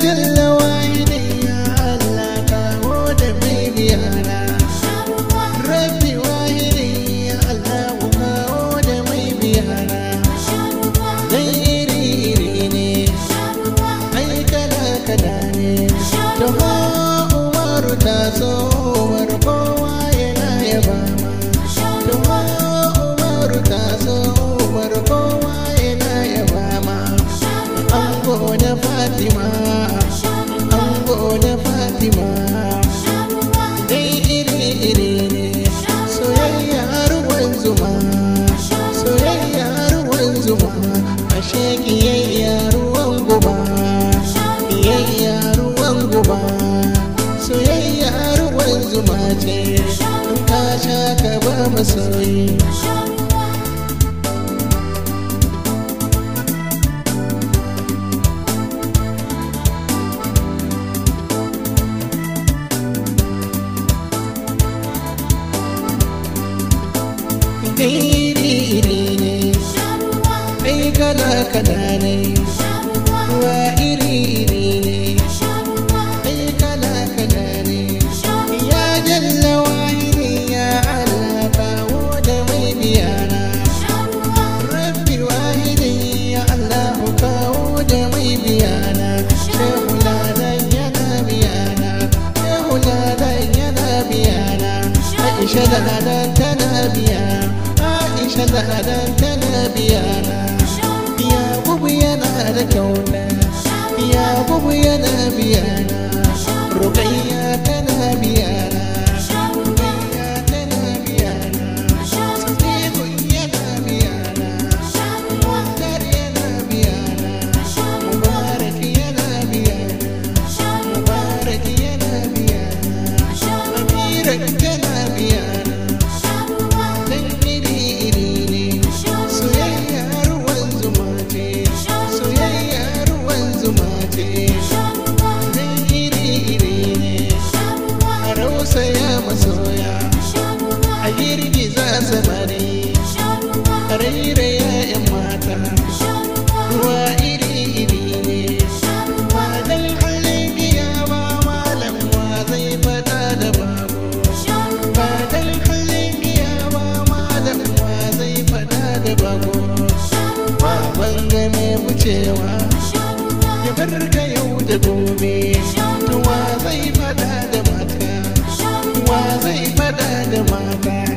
باللوائح ce in ka sha ka ba masoyi Iri-iri ne, ai kala-kala ne. زهرة نبيا عائشة زهرة نبيا يا بوبيا نهر كونا يا بوبيا نبيا رقية نبيا Thank you. cewa ya bar ka yau da gobe wa zai fada da mata wa zai fada da mata